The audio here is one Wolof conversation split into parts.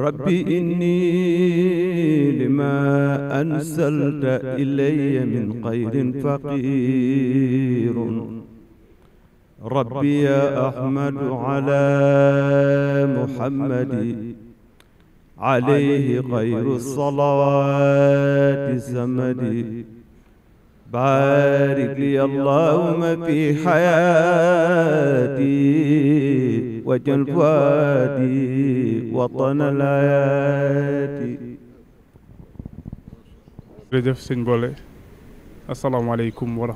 rabbi inni lima anzalta ilayya min xayrin faqiirun rabbi ya ahmadu ala muhammadi alayhi xayru salawaati samadi barik li allahumma fi xayaati واجعل فؤادي وطن الآيات jërëjëf sëñ boole asalaamaaleykum wa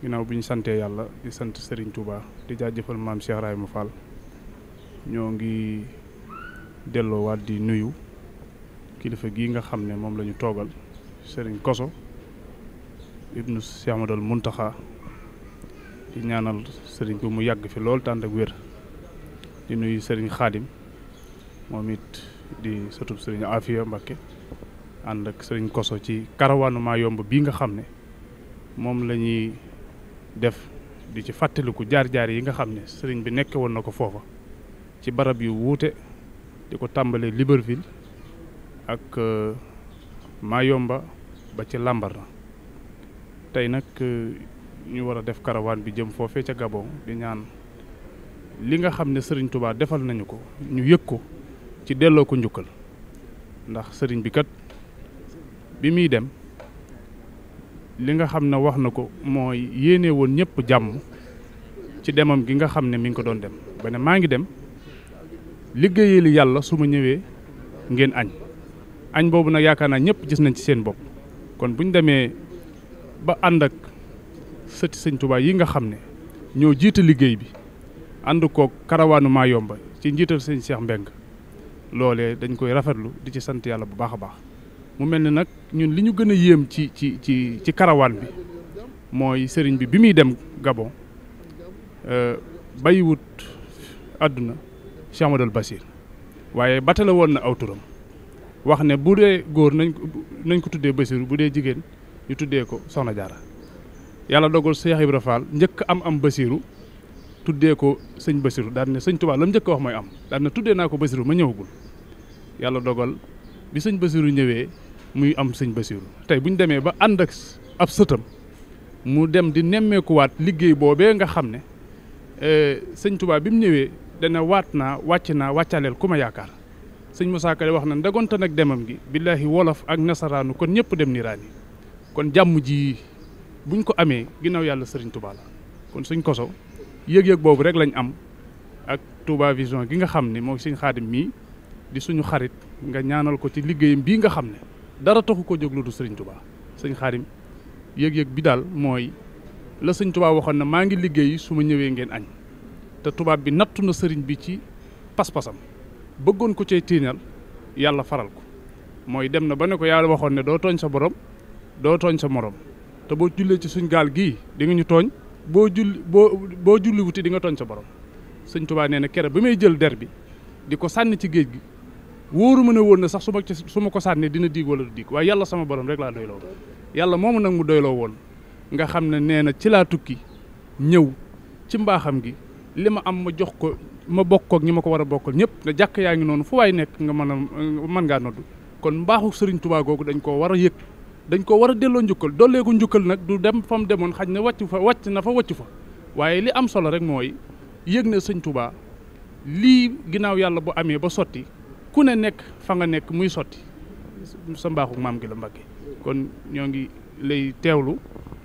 bi ñu santee yàlla di sant sëriñ Touba di jaajëfal maam Cheikh Rahima ñoo ngi delloowaat di nuyu kilifa gi nga xam ne moom lañu ñu toogal Serigne Koso ibnu Cheikh Amadou di ñaanal sëriñ bi mu yàgg fi lool tànd ak wér di nuyu sëriñ xaadim moom it di sëtub sëriñ Afia Mbakke ànd ak sëriñ Koso ci karawaanu maa yomb bii nga xam ne moom la ñuy def di ci fàttaliku jaar-jaar yi nga xam ne sëriñ bi nekk woon na ko foofa ci barab yu wuute di ko tàmbalee Libreville ak euh, maa yomba ba ci làmbar na tey nag euh, ñuy war a def karawaan bi jëm foofee ca Gabon di ñaan li nga xam ne sëriñ Touba defal nañu ko ñu yëg ko ci delloo ko njukkal ndax sëriñ bi kat bi muy dem li nga xam ne wax na ko mooy yéene woon ñëpp jàmm ci demam gi nga xam ne mi ngi ko doon dem ba ne maa ngi dem liggéeyee li yàlla su ma ñëwee ngeen añ añ boobu nag yaakaar naa ñëpp gis nañ ci seen bopp kon bu ñu demee ba ànd ak sëti sëñ Touba yi nga xam ne ñoo jiite liggéey bi ànd koog karawaanu yomba ci njiital sëñ Cheikh Mbeng loole dañ koy rafetlu di ci sant yàlla bu baax a baax mu mel ni nag ñun li ñu gën a yéem ci ci ci ci karawaan bi mooy sëriñ bi bi muy dem Gabon euh, bàyyiwut àdduna Cheikh Amadou Bassir waaye batale woon na aw turam wax ne bu dee góor nañ ko ko tuddee Bassir bu dee jigéen ñu tuddee ko Soxna Jaara yàlla dogal Cheikh bi Fall njëkk am am basiiru tuddee ko sëñ basiiru daan ne sëñ Tuubaa la mu njëkk wax mooy am daan tuddee naa ko basiiru ma ñëwagul yàlla dogal bi sëñ basiiru ñëwee muy am sëñ basiiru tey bu ñu demee ba ànd ak ab sëtam mu dem di nemmeekuwaat liggéey boobee nga xam ne e, sëñ Tuubaa bi mu ñëwee dana waat naa wàcc naa wàccaleel ku yaakaar sëñ Musaa Ka wax na ndagonte nag demam gi billaahi wolof ak nasaraanu kon ñëpp dem niiraan buñ ko amee ginnaaw yàlla sëriñ Touba la kon suñ koso yëg-yëg boobu rek lañ am ak tubaab vision gi nga xam ne mooy suñ xaadim mii di suñu xarit nga ñaanal ko ci liggéeyam bii nga xam ne dara taxu ko jóg lu du sëriñ Touba sëñ xaadim yëg-yëg bi daal mooy la sëñ Touba waxoon na maa ngi liggéey su ma ñëwee ngeen añ te tubaab bi nattu na sëriñ bi ci pas-pasam bëggoon ko ci tiiñal yàlla faral ko mooy dem na ba ne ko yàlla waxoon ne doo tooñ sa borom doo sa morom te boo jullee ci suñ gaal gii di nga ñu tooñ boo julli boo boo julli wuti di nga tooñ sa borom sëñ Tuubaa nee na kere bi may jël der bi di ko sànni ci géej gi wóoru ma ne woon na sax su ma ci su ma ko sànnee dina diig wala du diig waaye yàlla sama borom rek laa doyloo yàlla moomu nag mu doyloo woon nga xam ne nee na ci laa tukki ñëw ci mbaaxam gi li ma am ma jox ko ma bokk ak ñi ma ko war a bokkal ñëpp ne jàkk yaa ngi noonu fu waay nekk nga mën a mën ngaa noddu kon mbaaxu sëriñ Tuubaa googu dañ koo war a yëg dañ ko war a delloo njukkal dolleeku njukkal nag du dem fa mu demoon xaj na wàcc fa wàcc na fa wàcc fa waaye li am solo rek mooy yëg na sëñ Touba lii ginnaaw yàlla bu amee ba sotti ku ne nekk fa nga nekk muy sotti sa mbaaxu maam gi la Mbàkke kon ñoo ngi lay teewlu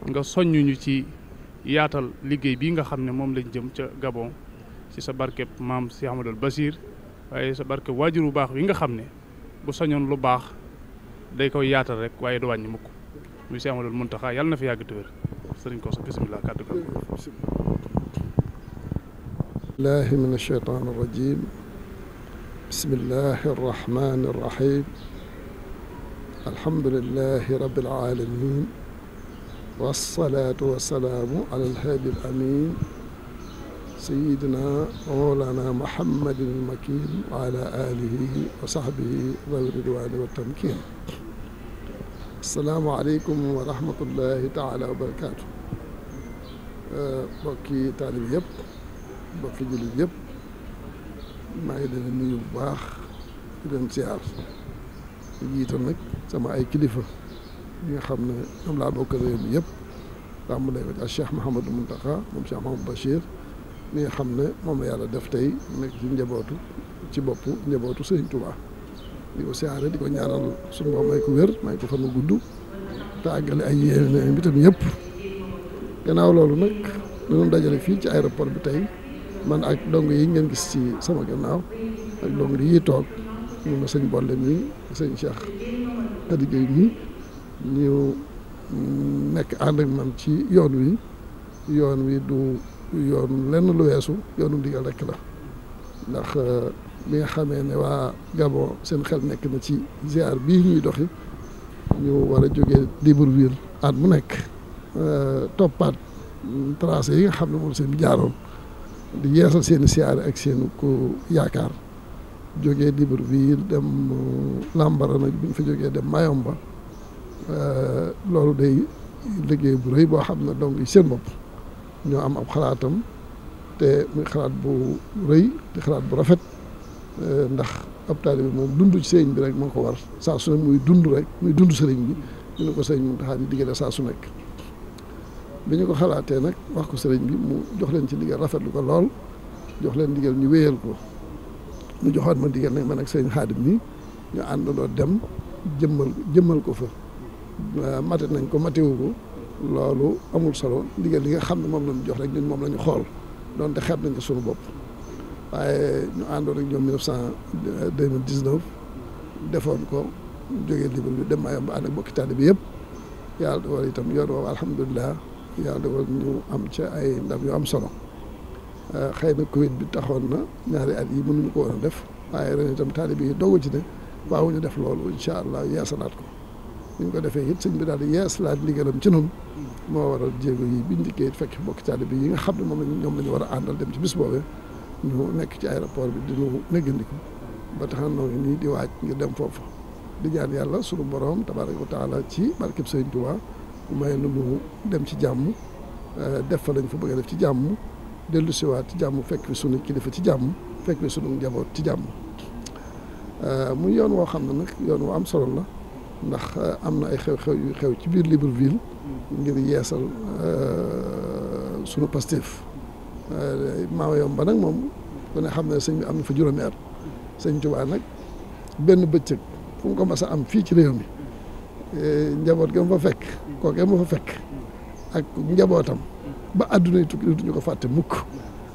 nga soññuñu ci yaatal liggéey bii nga xam ne moom lañ jëm ca Gabon ci sa barkeb maam si Amadou Basir waaye sa barkeb waajur wu baax wi nga xam ne bu sañoon lu baax day koy yaatal rek waaye du wàññi mukk muy Cheikh Amadou Mountakha yàlla na fi yàgg te wér sëriñ Kosso bisimilah kàddu gi billahi min ashaytan irrajim bismillahi arrahmani irrahim alhamdulilahi rabbil alamin wasalaatu wasalaamu ala alhaadi alamin sayidina moolana mohammadin almakin wa ala alihi wa sahbihi wa ridwani wa tamkin salaamaaleykum wa rahmatullahi taala wa barakaatu mbokki taalib yëpp mbokki jullit yëpp maa ngi leen nuyu bu baax di leen siyaar di jiital nag sama ay kilifa yi nga xam ne ñoom laa bokk réew mi yëpp tàmbalee ko ci ak Cheikh Mouhamadou Mountakha moom Cheikh Mouhamadou Bachir mi nga xam ne moom la yàlla def tey nekk ci njabootu ci bopp njabootu Sëriñ Tuubaa di ko siyaare di ko ñaanal suñu bopp may ko wér may ko fan gudd te àggale ay yéene bi tamit gannaaw loolu nag dañu dajale fii ci aéroport bi tey man ak dong yi ngeen gis ci sama gannaaw ak dong yi toog ñu ma sëñ Bolle mi sëñ Cheikh Khady Gueye mi ñu nekk ànd ak man ci yoon wi yoon wi du yoon lenn lu weesu yoonu ndigal rekk la ndax bi nga xamee ne waa Gabon seen xel nekk na ci ziar bii ñuy doxi ñu war a jóge Libreville at mu nekk euh, toppaat tracé yi nga xam ne moom seen bi jaaroon di yeesal seen siyaare ak seen ku yaakaar jógee Libreville dem Lambara nag bi ñu fa jógee dem Mayomba euh, loolu day liggéey bu rëy boo xam ne dong yi seen bopp ñoo am ab xalaatam te muy xalaat bu rëy di xalaat bu rafet Euh, ndax ab bi moom dundu ci sëriñ bi rek moo ko war saa su muy dund rek muy dund sëriñ bi ñu ne ko sëriñ Mountakha di diggale saa su nekk ñu ko nag wax ko sëriñ bi mu jox leen ci ndigal rafetlu ko lool jox leen ndigal ñu wéyal ko mu joxoon ma ndigal nag man ak seen Xaadim nii ñu àndandoo dem jëmmal jëmmal ko fa euh, mate nañ ko matewu ko loolu amul solo ndigal li nga xam ne moom lañu jox rek ñun moom la ñu xool doonte xeeb nañ ko suñu bopp waaye ñu àndoon ak ñoom 1900 2019 defoon ko jógee ndimbal bi dem ayam ba ànd ak bokki taalibe bi yëpp yàlla dogal itam yoon woowu alhamdulilah yàlla dogal ñu am ca ay ndam yu am solo euh, xëy na Covid bi taxoon na ñaari at yi mënuñu ko war a def waaye ren itam taalibe yi dogu ci ne waaw ñu def loolu incha allah yeesalaat ko ni ñu ko defee it sëñ bi daal di yeesalaat ndigalam ci noonu moo waral jéego yi biñ dikkee fekk bokki taalibe yi nga xam ne moom la ñoom la ñu war a àndal dem ci bis boobee. ñu nekk ci aéroport bi di ñu ba taxan noo ngi nii di waaj ngir dem foofu di jaan yàlla sunu borom tabaaraka wa taala ci barkeb Sëriñ Tuubaa may nu mu dem ci jàmm eh, def fa lañ fa bëgg def ci jàmm dellu siwaat ci jàmm fekk fi sunu kilifa ci jàmm fekk fi sunu njaboot ci jàmm eh, mu yoon woo xam ne nag yoon woo am solo la ndax eh, am na ay xew-xew yu xew ci biir Libreville ngir yeesal sunu Pastef Euh, maama yomba nag moom ku ne xam ne sëñ bi am na fa juróomi at sëñ Tuubaa nag benn bëccëg fu ko mas a am fii ci réew mi eh, njaboot ga ma fa fekk kooke ma fa fekk ak njabootam ba àdduna yi tukki duñu ko fàtte mukk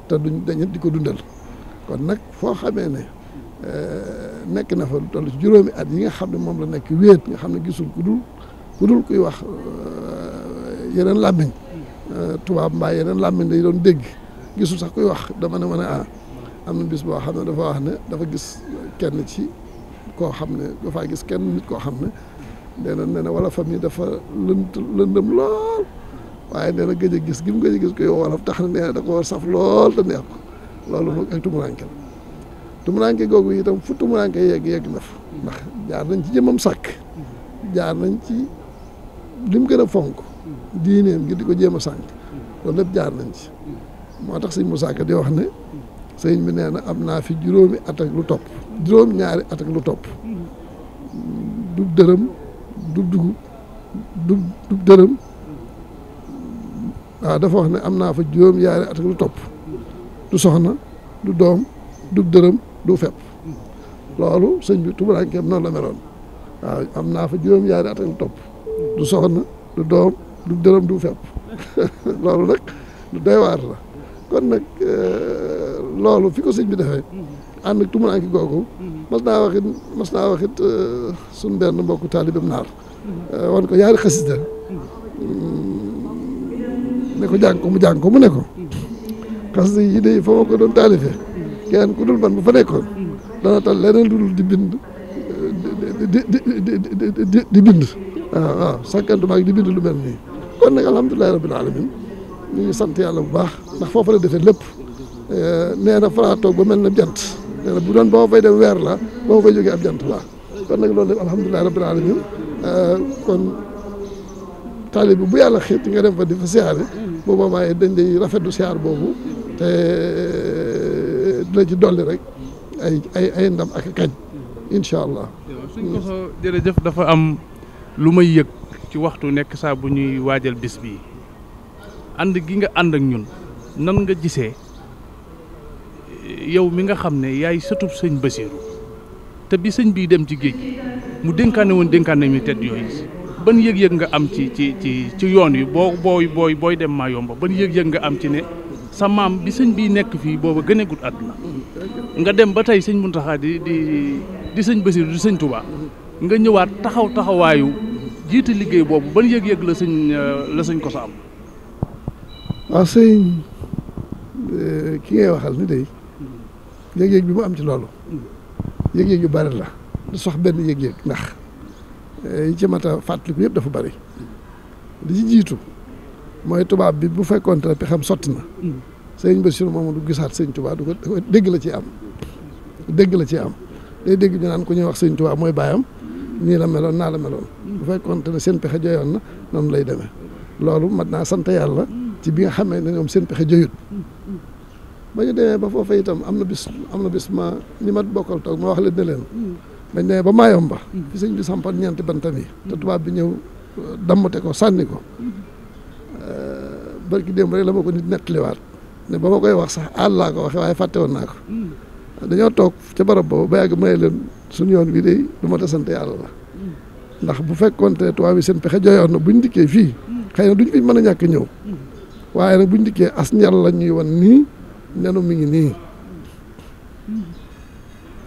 te duñ dañu di ko dundal kon nag foo xamee ne eh, nekk na fa toll ci juróomi at yi nga xam ne moom la nekk wéet nga xam ne gisul ku dul ku dul kuy wax eh, yeneen làmmiñ tubaab mbaa yeneen làmmiñ day doon dégg gisul sax kuy wax dama ne ma ne ah am na bis boo xam ne dafa wax ne dafa gis kenn ci koo xam ne dafaa gis kenn nit koo xam ne nee na nee na wala famille dafa lënt lëndëm lool waaye nee na gëj a gis gi mu gëj a gis koy wolof tax na nee na da ko saf lool te neex ko loolu moom ak tumuranke la tumuranke googu itam fu tumuranke yegg yegg na fa ndax jaar nañ ci jëmam sàkk jaar nañ ci lim gën a fonk diineem gi di ko jéem a sànk loolu lépp jaar nañ ci moo tax sëñ mu Ka di wax ne sëñ bi nee na am naa fi juróomi at lu topp juróom ñaari at lu topp du dërëm du dugub du ne am naa fa juróom ñaari at lu topp du soxna du doom du dërëm du fepp loolu sëñ bi tubarankeem noonu la meloon waaw am naa fa juróom ñaari at ak lu topp du soxna du doom du dërëm du fepp loolu nag lu doy waar la kon nag euh, loolu fi ko sëñ bi defee mm-hmm. ànd ak tumuranki googu mm-hmm. mas naa waxit mas naa waxit euh, suñ benn mbokku taalibam naar mm-hmm. euh, wan ko yaar xasida ne ko jàng ko mu jàng ko mu ne ko xasida yi de fa ma ko doon taalife kenn ku dul man bu fa nekkoon dana tal leneen lu dul di bind di bind waaw ah, waaw sàkkantu maag di bind lu mel nii kon nag alhamdulilahi rabbil alamin ñu ngi sant yàlla bu baax ndax foofu la defee lépp eh, nee na Fra toog ba mel na jant nee na bu doon ba ma fay dem weer la ba ma fay jógee ab jant la kon nag loolu lépp alhamdulilah rabbil alamin eh, kon taalib bi bu yàlla xiit nga dem fa di fa siyaare bu boobaa dañ lay rafetlu siyaar boobu te eh, dina ci dolli rek ay ay ay ndam ak kañ incha allah. suñ ko jërëjëf dafa am lu may yëg ci waxtu nekk saa bu ñuy waajal bis bi. ànd gi nga ànd ak ñun nan nga gisee yow mi nga xam ne yaay sëtub sëñ Basiiru te bi sëñ bii dem ci géej mu dénkaane woon dénkaane mi tedd yooyu ban yëg-yëg nga am ci ci ci ci yoon wi boo booy booy booy dem maa yomba ban yëg-yëg nga am ci ne sa maam bi sëñ bii nekk fii booba gën a gudd àdduna nga dem ba tey sëñ Muntaxa di di di sëñ Basiiru di sëñ Tuubaa nga ñëwaat taxaw taxawaayu jiite liggéey boobu ban yëg-yëg la sëñ la sëñ ko sa am waaw sëñ eh, ki ngay waxal ni day yëg-yëg bi mu am ci loolu yëg-yëg yu bari la du sox benn yëg-yëg ndax eh, yi ci mata a fàttaliku yëpp dafa bari li ci jiitu mooy tubaab bi bu fekkoon te pexam sotti na sëñ Basiru moom du gisaat sëñ Tuubaa du ko dégg la ci am dégg la ci am day dégg ñu naan ku ñuy wax sëñ Tuubaa mooy baayam nii la meloon naa la meloon bu fekkoon te ne seen pexe jooyoon na noonu lay demee loolu mat naa sant yàlla ci bi nga xamee ne ñoom seen pexe jëyut ba ñu demee ba foofa itam am na bis am na bis ma ñi ma bokkal toog ma wax leen ne leen dañ demee ba maayom ba fi sëñ bi sampat ñeenti bantam yi te tubaab bi ñëw dammate ko sànni ko barki démb rek la ma ko nit nettaliwaat ne ba ma koy wax sax àll laa ko waxee waaye fàtte woon naa ko dañoo toog ci barab boobu ba yàgg may leen suñu yoon bi day du ma ta sant yàlla la ndax bu fekk fekkoonte tubaab yi seen pexe joyoon na buñ dikkee fii xëy na duñ fi mën a waaye nag buñ dikkee as njal la ñuy wan nii nenu mi ngi nii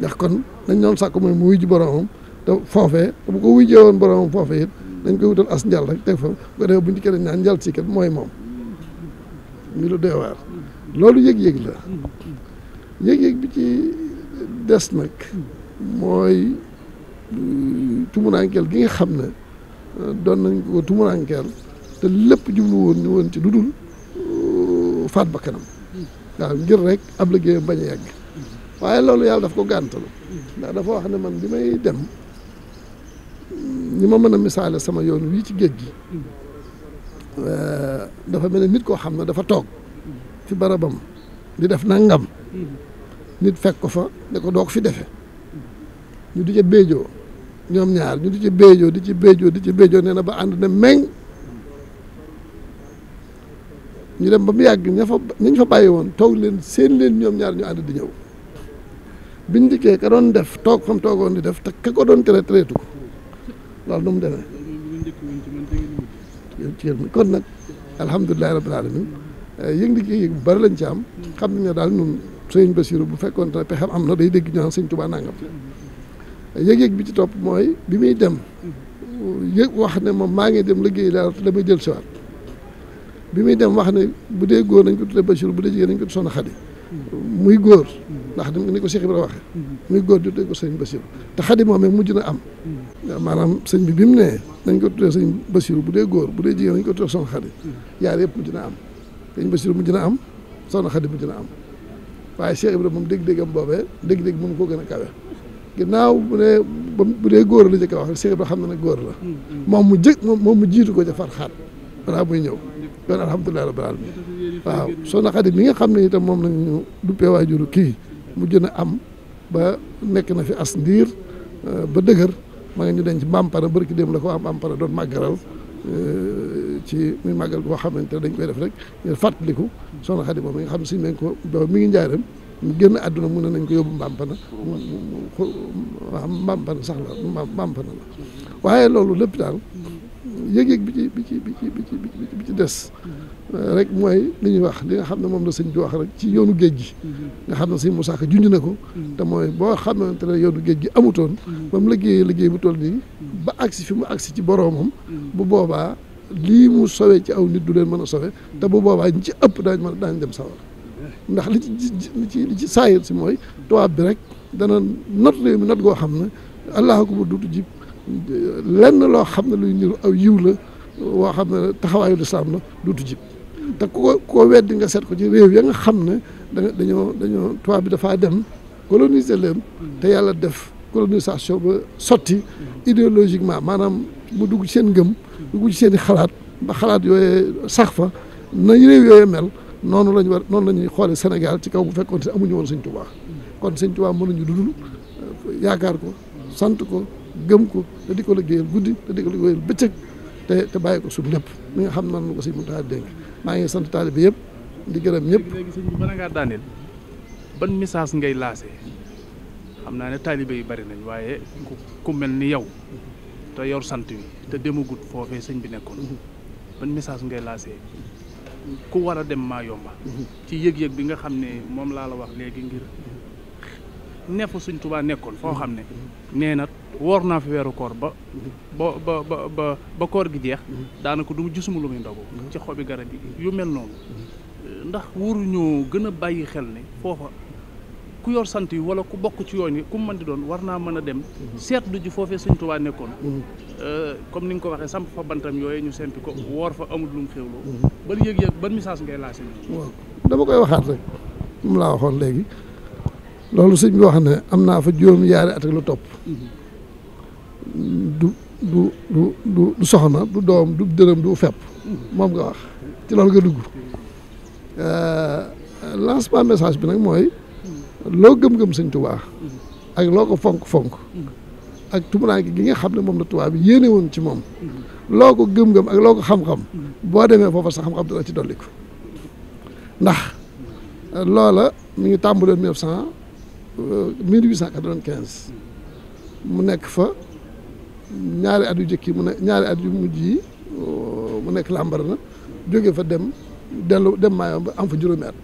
ndax kon dañ doon sàkk mooy mu wuy ji boromam te foofee te bu ko wuy woon boromam foofee it dañ koy wutal as njal rek teg fa bu ko defee buñ naan njal si kat mooy moom ñu lu doy loolu yëg-yëg la yëg-yëg ci des nag mooy mm, tumurankeel gi nga xam ne doon nañ ko tumurankeel te lépp jublu ñu woon ci lu dul mu faat ba kanam waaw ngir rek ab liggéeyam bañ a waaye loolu yàlla daf ko gàntalu ndax dafa wax ne man bi may dem ni ma mën a misaale sama yoon wii ci géej gi eh, dafa mel ne nit koo xam ne dafa toog ci barabam di def nangam nit fekk ko fa ne ko doog fi defe ñu di ca béejoo ñoom ñaar ñu di ci béejoo di ci béejoo di ci béejoo nee na ba ànd na meñ ñu dem ba mu yàgg ña fa ñañ fa bàyyi woon toog leen seen leen ñoom ñaar ñu ànd di ñëw biñ dikkee ka doon def toog fam toogoon di def te ka ko doon tere tereetu ko loolu nu mu demee yow kon nag alhamdulilahi rabbil alamin yëg di kii yëg bu bari lañ ci am xam nañ ne daal ñun sëñ Basiru bu fekkoon te pexam am na day dégg ñu naan sëñ Tuubaa nangam yëg-yëg bi ci topp mooy bi muy dem yëg wax ne moom maa ngi dem liggéey daal damay jël si waat bi muy dem wax ne bu dee góor nañ ko tudde Bachir bu dee jigéen nañ ko soxna Xadi muy góor ndax ni ko Cheikh Ibra waxee muy góor di tudde sëñ Bachir te Xadi moomee mujj na am maanaam sëñ bi bi mu nee nañ ko tudde sëñ Bachir bu dee góor bu dee jigéen nañ ko tudde soxna Xadi yaar yëpp mujj na am sëñ Bachir mu jina am soxna Xadi mujj na am waaye Cheikh Ibra moom dégg-déggam boobee dégg moom koo gën a kawe ginnaaw bu dee bu dee góor la jëkk a wax Cheikh Ibra xam na ne góor la mm, mm. moom mu jëkk moom mu jiitu ko ca far xaat balaa muy ñëw doon alhamdulilah rabbil alamin waaw soxna Xadi mi nga xam ne itam moom lañu duppee waajuru kii mu jën a am ba nekk na fi as ndiir ba dëgër ma nga ñu denc Bàmpara barki dem la ko am Bàmpara doon màggaral ci muy màggal boo xamante dañ koy def rek ñu fàttaliku soxna Xadi moom mi nga xam si nañ ko mi ngi njaaram mu génn àdduna mu ne nañ ko yóbbu Bàmpana Bàmpana sax la Bàmpana la waaye loolu lépp daal yëg-yëg bi ci bi ci bi ci bi ci bi ci des mm-hmm. rek mooy li ñuy wax li nga xam ne moom la sëñ bi wax rek ci yoonu géej gi mm-hmm. nga xam ne sëñ Moussa Ka junj ne ko mm-hmm. te mooy boo xam ne yoonu géej gi amutoon ba mu liggéeyee liggéey bu toll nii ba agsi fi mu agsi ci boroomam bu boobaa lii mu sowe ci aw nit du leen mën a sowe te bu boobaa ñu ci ëpp daañ mën daañ dem sawar ndax li ci ci ci saayir si mooy tubaab bi rek dana not réew mi not goo xam ne allah ko ba duutu jib lenn loo xam ne luy niru aw yiw la woo xam ne taxawaayu lislaam la duutu jib te ku ko koo weddi nga seet ko ci réew ya nga xam ne da dañoo dañoo tubaab bi dafaa dem coloniser leen te yàlla def colonisation ba sotti idéologiquement maanaam mu dugg ci seen ngëm dugg ci seen i xalaat ba xalaat yooyee sax fa na réew yooyee mel noonu lañ war noonu la ñuy xoolee Sénégal ci kaw bu fekkoon te amuñu woon sëñ Tuubaa kon sëñ Tuubaa mënuñu dudul euh, yaakaar ko sant ko gëm ko te di ko liggéeyal guddi te di ko liggéeyal bëccëg te te bàyyi ko suñu lépp mi nga xam noonu ko sëñ Muntaxa dénk maa ngi sant taalibe bi yëpp di gërëm ñëpp. léegi sëñ bi mën ngay laasé xam naa ne taalibe yi bari nañ waaye ku mel ni yow te yor sant wi te demagut foofee sëñ bi nekkoon ban message ngay laasé ku war a dem maa yomba. ci yëg-yëg bi nga xam ne moom laa la wax léegi ngir. neefu suñ tubaa nekkoon foo xam ne nee na woor naa fi weeru koor ba ba ba ba koor gi jeex daanaka du gisuma lu muy ndogu ci xobi garab yi yu mel noonu ndax waruñoo gën a bàyyi xel ne foofa ku yor sant yi wala ku bokk ci yoon yi ku mën di doon war naa mën a dem seetlu ji foofee suñ tubaa nekkoon euh, comme ni nga ko waxee samp fa bantam yooyu ñu sempi ko woor fa amul lu mu xéwloo ban yëg-yëg ban message ngay laa si waaw dama koy waxaat rek mu laa waxoon léegi loolu sëñ bi wax ne am naa fa juróom-ñaari at ak lu topp du du du soxna du doom du dërëm du fepp moom nga wax ci loolu nga dugg euh, lancement message bi nag mooy loo gëm-gëm sëñ Tuubaa ak loo ko fonk-fonk ak tumuraanke gi nga xam ne moom la Tuubaa bi yéene woon ci moom loo ko gëm-gëm ak loo ko xam-xam boo demee foofu sa xam-xam dana ci dolliku ndax loola mu ngi tàmbalee mille neuf cent 1895 euh, mu nekk fa ñaari at yu jëkk yi mu ne ñaari at yu mujj yi euh, mu nekk làmbar na jóge fa dem dellu dem ba am fa juróomi at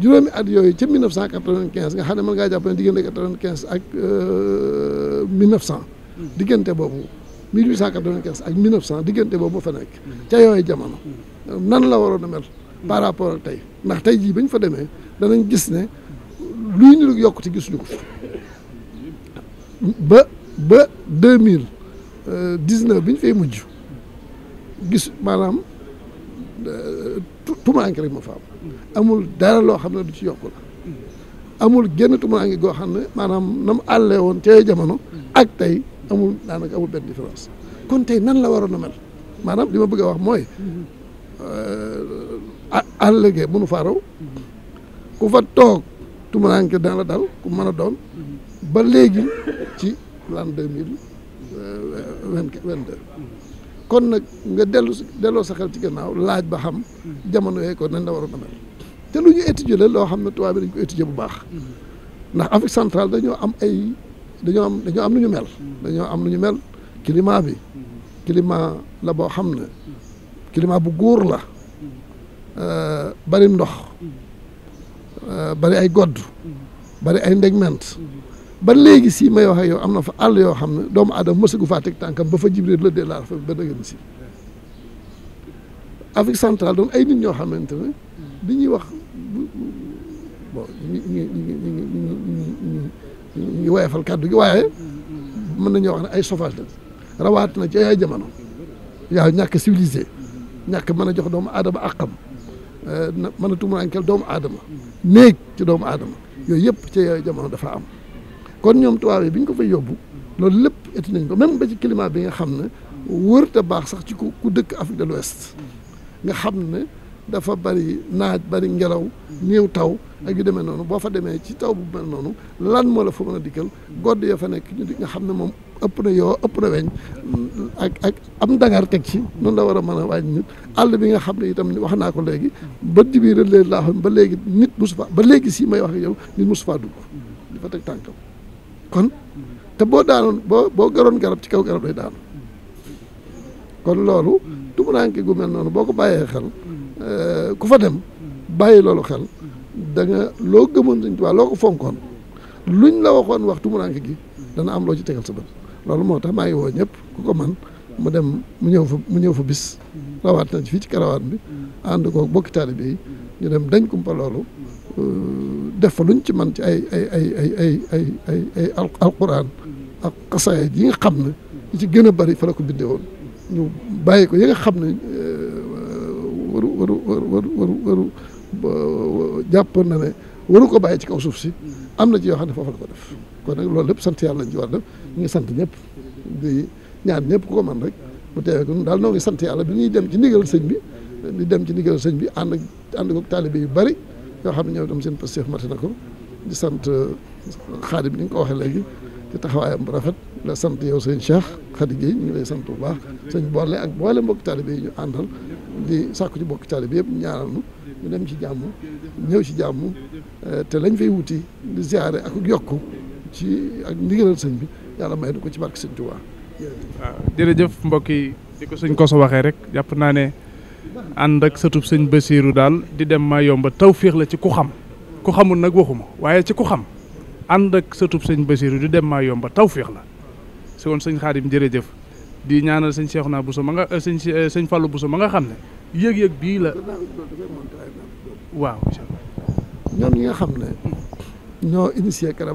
juróomi at yooyu ca 1995 nga xam ne mën ngaa jàpp ne diggante 95 ak 1900 euh, diggante boobu 1895 ak 1900 diggante boobu moo fa nekk ca yooyu jamono nan la waroon a mel par rapport ak tey ndax tey jii bañ fa demee danañ gis ne luy niru yokkute gisuñu ko fi ba ba deux mille euh, dix neuf bi ñu fay mujj gis maanaam euh, tumaanke rek ma fa am amul dara loo xam ne du ci yokk la amul génn tumaanke goo xam ne maanaam na mu àllee woon tey jamono ak tey amul daanaka amul benn différence kon tey nan la waroon a mel maanaam li ma bëgg wax mooy euh, àll ge munu faa raw ku fa toog tumuranke dana la dal ku mën a doom ba léegi ci l'an deux mille euh, vingt deux kon nag nga dellu delloo sa xel ci gannaaw laaj ba xam jamono yooyu ko nañ la waroon a mel te lu ñu étudier la loo xam ne tubaab bi dañ ko étudier bu baax ndax Afrique centrale dañoo am ay dañoo am dañoo am lu ñu mel dañoo am lu ñu mel climat bi climat la boo xam ne climat bu góor la euh, bari ndox Euh, bari ay godd mm-hmm. bari ay ndegment mm-hmm. ba léegi sii may waxee yow am na fa àll yoo xam ne doomu aadama mësagu faa teg tànkam ba fa Jibril la dee laa fa ba dëgg si Afrique centrale doon ay nit ñoo xamante ne li mm-hmm. ñuy wax bon ñu ñu ñu mën nañoo wax ne ay sauvage la rawaat na ci ay jamono yaa ñàkk civilisé ñàkk mën a jox doomu aadama àqam mën a tumurànkeel doomu aadama néeg ci doomu aadama yooyu yëpp ci jamono dafa am kon ñoom tubaab yi bi ñu ko fay yóbbu loolu lépp eti nañ ko même ba ci climat bi nga xam ne wër te baax sax ci ku ku dëkk Afrique de l'Ouest nga xam ne dafa bari naaj bari ngelaw néew taw ak yu demee noonu boo fa demee ci taw bu mel noonu lan moo la fa mën a dikkal godd ya fa nekk ñu di nga xam ne moom ëpp na yoo ëpp na weñ ak ak am dangar teg ci noonu la war a mën a wàññi nit àll bi nga xam ne itam wax naa ko léegi ba dibi rek léegi laa ba léegi nit mosu ba léegi si may wax ak yow nit mosu dugg di fa teg tànkam kon te boo daanoon boo boo garoon garab ci kaw garab day daanu kon loolu tumuraanke gu mel noonu boo ko bàyyee xel eh, ku fa dem bàyyi loolu xel da loo gëmoon Sëñ Tuubaa loo ko fonkoon luñ la waxoon wax tumuraanke gi dana am loo ci tegal sa bët loolu moo tax maa ngi woo ñëpp ku ko man mu dem mu ñëw fa mu ñëw fa bis rawaat na fii ci karawaan bi ànd ko bokki taalibe yi ñu dem dañ kumpa loolu def fa luñ ci man ci ay ay ay ay ay ay ay ay alquran ak xasaayid yi nga xam ne li ci gën a bari fa la ko bindee woon ñu bàyyi ko yi nga xam ne euh, waru waru waru waru jàpp na ne waru ko bàyyi ci kaw suuf si am na ci yoo xam ne foofu la ko def nag loolu lépp sant yàlla lañ ci war a ngi sant ñëpp di ñaan ñëpp ko man rek bu teewee ko daal noo ngi sant yàlla bi ñuy dem ci ndigal sëñ bi di dem ci ndigal sëñ bi ànd ak ànd ko taalibe yu bari yoo xam ne ñoo dem seen pasteef mate na ko di sant xaadim bi ni nga ko waxee léegi ci taxawaayam bu rafet la sant yow sëñ Cheikh Khady ñu lay sant bu baax sëñ boole ak boole mbokk taalibe yi ñu àndal di sàkku ci mbokk taalibe yëpp ñaanal ñu dem ci jàmm ñëw ci jàmm eh, te lañ fay wuti di ziare ak yokku ci ak ndigalal sëñ bi yàlla may du ko ci barke sëñ Tuubaa. waaw ah, jërëjëf mbokk yi di ko sëñ Koso waxee rek jàpp naa ne ànd ak sëtub sëñ Basiiru daal di dem maa yomba tawféex la ci ku xam ku xamul nag waxuma waaye ci ku xam ànd ak sëtub sëñ Basiiru di dem maa yomba tawféex la. si woon sëñ Xaadim jërëjëf di ñaanal sëñ Seexuna Buso ma nga sëñ eh, sëñ Fàllu Buso ma nga xam ne yëg-yëg bii la waaw ñoom ñi nga xam ne ñoo initié mm. mm.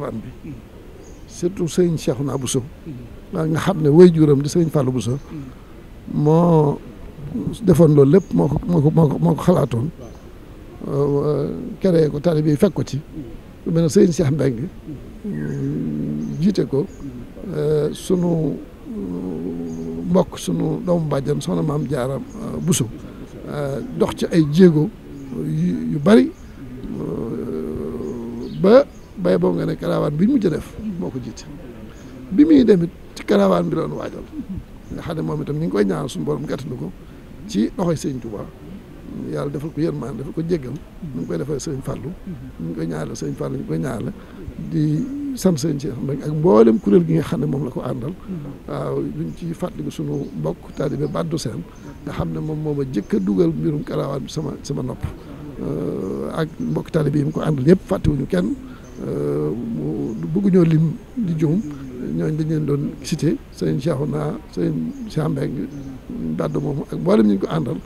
nga xam ne way juram di sëñ Fàllu Buso mm. moo defoon loolu lépp moo ko moo ko moo ko moo ko xalaatoon créé ko taalibe fekk ko ci lu mel ne sëñ Seex Mbeng jiite ko Euh, sunu euh, mbokk sunu doomu bàjjan soxna maam jaara euh, Buso ndox ci ay jéego yu bari ba bay boobu nga ne karawaan bi mujj def moo ko jiite bi muy demit ci karawaan bi loon waajal nga xam moom itam ñu ngi koy ñaan mu borom gàttanu ko ci loxoy sëñ Tuubaa yàlla defal ko yërmaan defal ko jéggal ñu ngi koy defal sëñ Fàllu ñu ngi koy ñaanal sëñ Fàllu ñu ngi koy ñaanal di sam sëñ Cheikh Mbeng ak mboolem kuréel gi nga xam ne moom la ko àndal mm-hmm. waaw luñ ci fàttaliku sunu mbokk taalibe Baddu Seen nga xam ne moom mooma jëkk a dugal mbirum karawaan bi sama sama nopp euh, ak mbokk taalibe yi mu ko àndal yëpp fàttewuñu kenn mu euh, bëgguñoo lim di juum ñooñ dañ leen doon cité sëñ Cheikhouna sëñ Cheikh Mbeng Baddu moom ak mboolem ñu ko àndal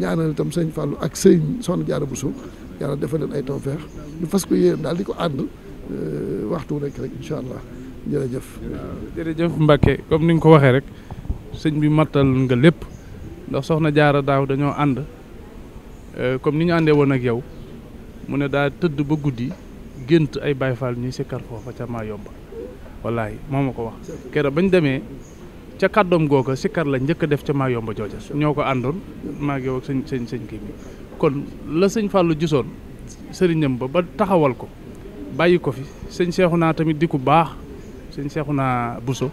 ñaanal itam sëñ Fallou ak sëñ Soxna bu Buso yàlla defal leen ay tawfeex ñu fas ko yéen daal di ko ànd Euh, waxtu nekk rek incha allah jërëjëf. jërëjëf comme ni nga ko waxee rek sëñ bi mattal nga lépp ndax soxna jaara daaw dañoo ànd euh, comme ni ñu àndee woon ak yow mu ne daa tëdd ba guddi gént ay baay Fall ñuy sikkar foofa ca maa yomba wallaahi moo ma ko wax keroog bañ demee. ca kàddoom googa sikkar la njëkk a def ca maa yomba jooja ñoo ko àndoon maa ngi yow ak sëñ sëñ sëñ kii kon la sëñ Fallou gisoon sëriñam ba ba taxawal ko bàyyi ko fi sëñ naa tamit di ku baax sëñ Cheikhouna Bousso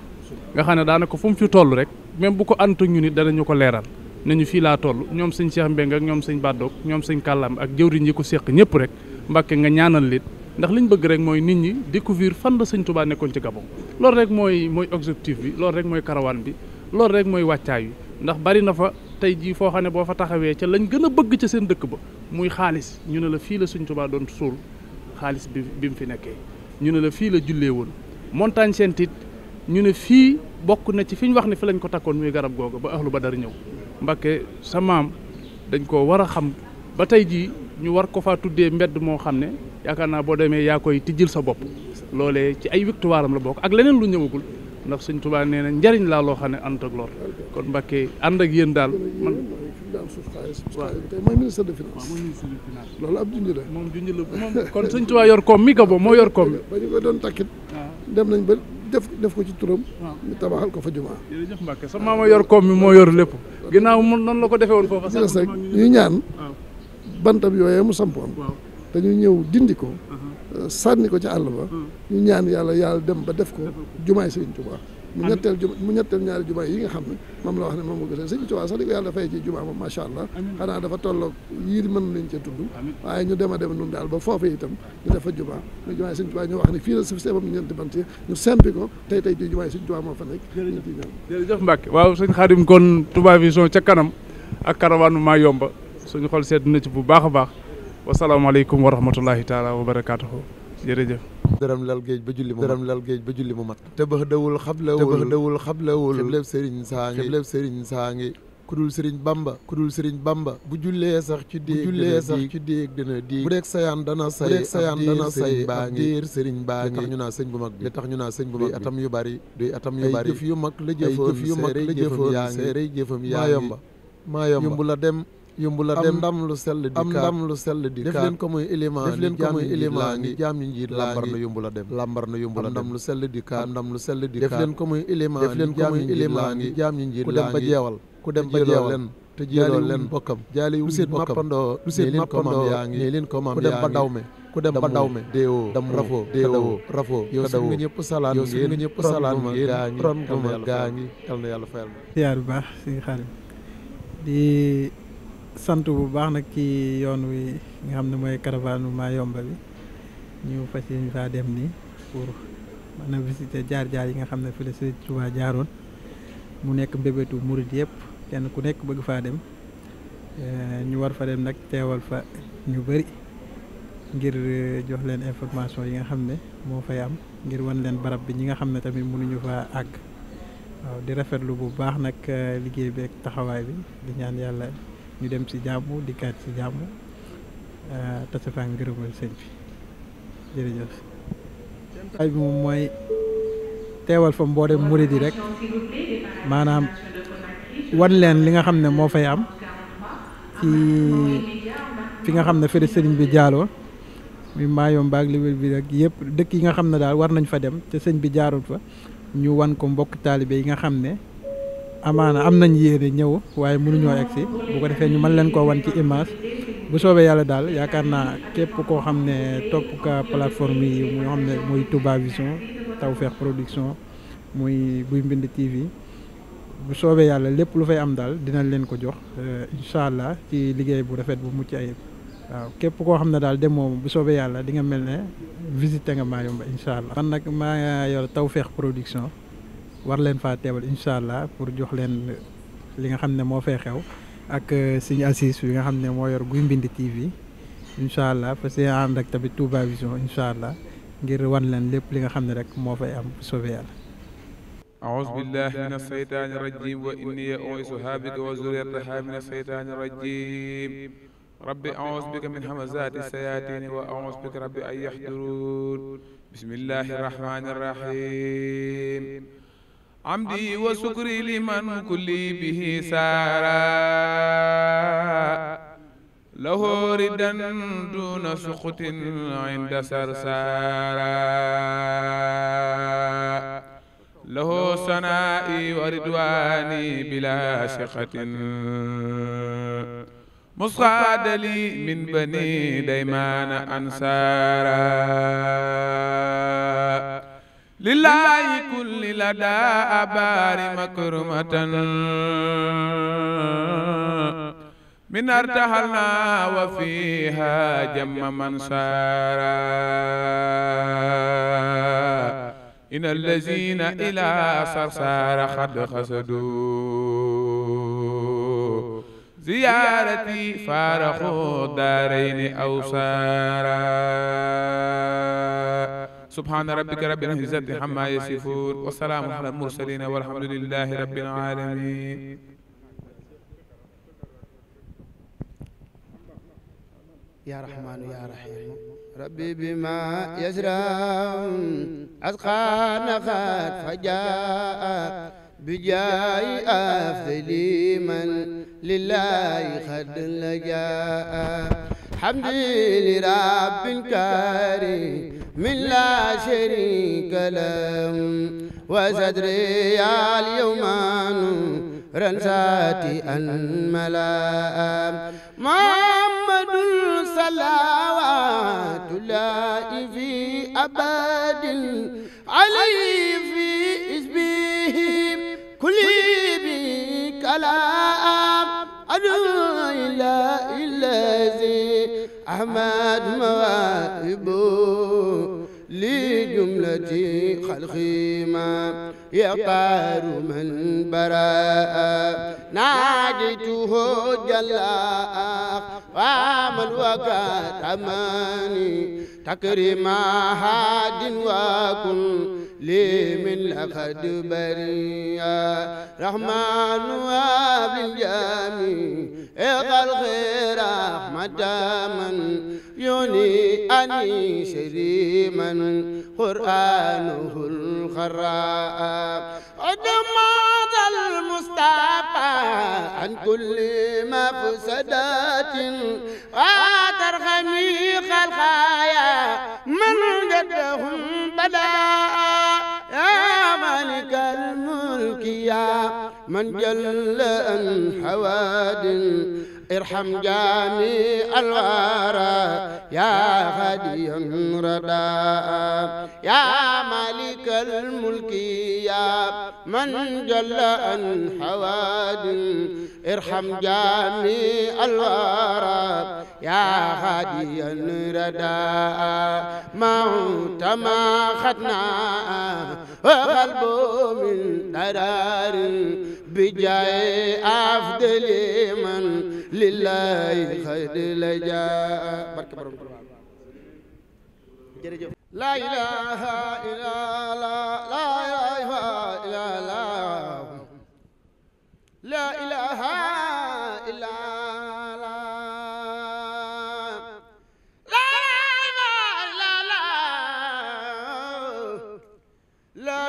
nga xam ne daanaka fu mu fi toll rek même bu ko antu ñu nit danañu ko leeral nañu fii laa toll ñoom sëñ Cheikh Mbeng ak ñoom sëñ Baddoog ñoom sëñ Kàllam ak jëwriñ yi ko séq ñëpp rek Mbàkke nga ñaanal lit ndax li ñu bëgg rek mooy nit ñi découvrir fan la sëñ Touba nekkoon ci Gabon loolu rek mooy mooy objectif bi loolu rek mooy karawaan bi loolu rek mooy wàccaay yi ndax bari na fa tey jii foo xam ne boo fa taxawee ca lañ gën a bëgg ca seen dëkk ba muy xaalis ñu ne la fii la sëñ Touba doon xaalis bi mu fi nekkee ñu ne la fii la jullee woon montagne sentit ñu ne fii bokk na ci fi ñu wax ne fi lañ ko takkoon muy garab googu ba ba dara ñëw Mbàkke sa maam dañ ko war a xam ba tey ji ñu war ko faa tuddee mbedd moo xam ne yaakaar naa boo demee yaa koy tijjil sa bopp loolee ci ay victoire am la bokk ak leneen lu ñëwagul ndax Sëñ Tuubaa nee na njariñ laa loo xam ne ànd ak lor ànd ak yéen daal bi am suuf xaalis. waaw tey mooy ministre de finance. waaw mooy ministre yor koom mi ko boobu moo yor koom mi. ba ñu ko doon takkit. dem nañ ba def def ko ci turam. ñu tabaxal ko fa jumaa. jërëjëf Mbacke sa maama yor koom mi moo yor lépp. ginnaaw mu noonu la ko defee woon foofa. sax rek ñu ñaan. bantam yooyee mu sampoon. te ñu ñëw dindi ko. sànni ko ci àll ba. ñu ñaan yàlla yàlla dem ba def ko jumaay Sëriñ Tuubaa mu ñetteel juma mu ñetteel ñaari juma yi nga xam ne moom la wax ne moom nga gis sëñ Tuubaa sax di ko yàlla fay ci juma moom macha allah xanaa dafa tolloog yii mën nañ cee tudd waaye ñu dem a dem nun daal ba foofu itam ñu dafa juma ñu jumaay sëñ Tuubaa ñu wax ne fii la suuf seebam tey tey ji jumaay sëñ Tuubaa moo fa nekk jërëjëf Mbacke waaw sëñ Xaadim kon Touba Vision ca kanam ak karawaanu maa yomba suñu xol sedd na ci bu baax a baax wasalaamaaleykum wa rahmatullahi taala wa barakatuhu jërëjëf dërëm lal géej ba julli mu dërëm lal géej ba julli mu mat te bëx dawul xablawul te bëx dawul xablawul xibleeb sëriñ saa ngi xibleeb sëriñ saa ngi kudul sëriñ bamba kudul sëriñ bamba bu jullee sax ci déeg bu jullee sax ci déeg dina diig bu dek sayaan dana say bu dek sayaan dana say baa ngi diir sëriñ baa ngi tax ñu naa sëñ bu mag bi li tax ñu naa sëñ bu mag bi atam yu bari duy atam yu bari ay jëf yu mag la jëfoon ay jëf yu mag la jëfoon yaa ngi seerey jëfam yaa ngi maa yomba maa yomba yombu la dem yumbu la dem ndam lu sell di am ndam lu sell di def leen ko muy élément def leen ko muy élément ni jaam ñi njiit lambar na yumbu la dem lambar na yumbu la dem ndam lu sell di kaa ndam lu sell di def leen ko muy élément def leen ko muy élément ni jaam ñi njiit ku dem ba jeewal ku dem ba jeewal leen te jéeloo leen bokkam jaali wu seen mappandoo lu seen mappandoo yaa ngi nii leen ko maam yaa ngi ku dem ba dawme ku dem ba dawme deewoo dam rafoo deewoo rafoo yow su nga ñëpp salaan yow su nga ñëpp salaan ngeen ron nga ma gaa ngi yal na yàlla fayal ma siyaar bu baax si xarit di sant bu baax nag ci yoon wi nga xam ne mooy caravane Mayumba bi ñu fa yéene faa dem nii pour mën jaar-jaar yi nga xam ne fi la Sëriñ jaaroon mu nekk mbébétu murit yëpp kenn ku nekk bëgg faa dem eh, ñu war fa dem nag teewal fa ñu bëri ngir eh, jox leen information yi nga xam ne moo fay am ngir wan leen barab bi ñi nga xam ne tamit mënuñu fa àgg waaw di rafetlu bu baax nag eh, liggéey bi ak taxawaay bi di ñaan yàlla. ñu dem ci jàmm dikkaat ci jàmm euh, tasa faa ngërëmal sëñ bi jërëjëf. bi moom mooy teewal fa mboolem murid yi rek maanaam wan leen li nga xam ne moo fay am ci fi nga xam ne fële sëñ bi jaaloo mi maayom baag liwér bi rek yëpp dëkk yi nga xam ne daal war nañ fa dem te sëñ bi jaarut fa ñu wan ko mbokk taalibe yi nga xam ne amaana am nañ yéene ñëw waaye mënuñoo egg si bu ko defee ñu mën leen koo wan ci image bu soobee yàlla daal yaakaar naa képp koo xam ne topp ka plateforme yi mu xam ne muy Touba Vision Tawfekh Production muy buy mbind TV bu soobee yàlla lépp lu fay am daal dinañ leen ko jox euh, incha allah ci liggéey bu rafet bu mucc ayib waaw képp koo xam ne daal dem moom bu soobee yàlla di nga mel ne visité nga Mayumba incha allah. man nag maa yor Tawfekh Production. war leen faa teebal incha allah pour jox leen li nga xam ne moo fee xew ak euh, suñu assise bi nga xam ne moo yor Gouy Mbinde TV incha allah parce que ànd ak tamit Touba Vision incha allah ngir wan leen lépp li nga xam ne rek moo fay am soobee yàlla. أعوذ بالله من الشيطان الرجيم وإني أعيذها بك وذريتها من الشيطان الرجيم رب أعوذ بك من همزات الشياطين وأعوذ بك رب أن يحضرون بسم الله الرحمن الرحيم amdi wa sukri liman kulli bihi saara lahu ridan duna suqutin inda sarsaara lahu sanaa'i wa ridwaani bila shiqatin musqaadali min bani daymaana ansaara lillaahi kulli la daa abaari makrumatan min artahalna wa fiha jamma man saara in allazina ila sarsara xad xasadu ziyaarati faaraxu daarayni aw saara subhaana rabbika rabbil izzati amma yasifuun wa salaamun alal mursaliin walhamdulillaahi rabbil aalamiin yaa rahmaanu yaa rahiimu rabbi bimaa yasraa'un asqaana xaat fajaa'a bijaayi afdali man lillaahi xad lajaa'a hamdi li rabbil karim من لا شريك له وصدري اليوم نورا ساتئا ملا محمد صلوات الله في أبد عليه في حزبه كل بكلام أدعو إلى الذي أحمد موائبه جملة خلقي ما يختار من براء ناديته جل ومن وكتماني تكرما هاد وكن لي من لقد بريا رحمن وابن جميل اغل خير رحمة من يوني أني شريما قرآنه الخراء عدمات المصطفى عن كل مفسدات وترحمي خلقايا من جدهم من جل أن حواد ارحم جامي الورى يا هادي رداء يا مالك الملك يا من جل أن حواد ارحم جامي الورى يا هادي رداء موت ما خدنا وقلبه من درار بجاي أفضل من لله خير لجاء بارك بارك لا إله إلا الله لا إله إلا الله لا إله إلا لا